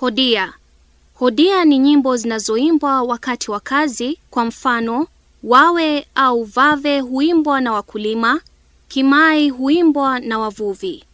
Hodia. Hodia ni nyimbo zinazoimbwa wakati wa kazi. Kwa mfano, wawe au vave huimbwa na wakulima, kimai huimbwa na wavuvi.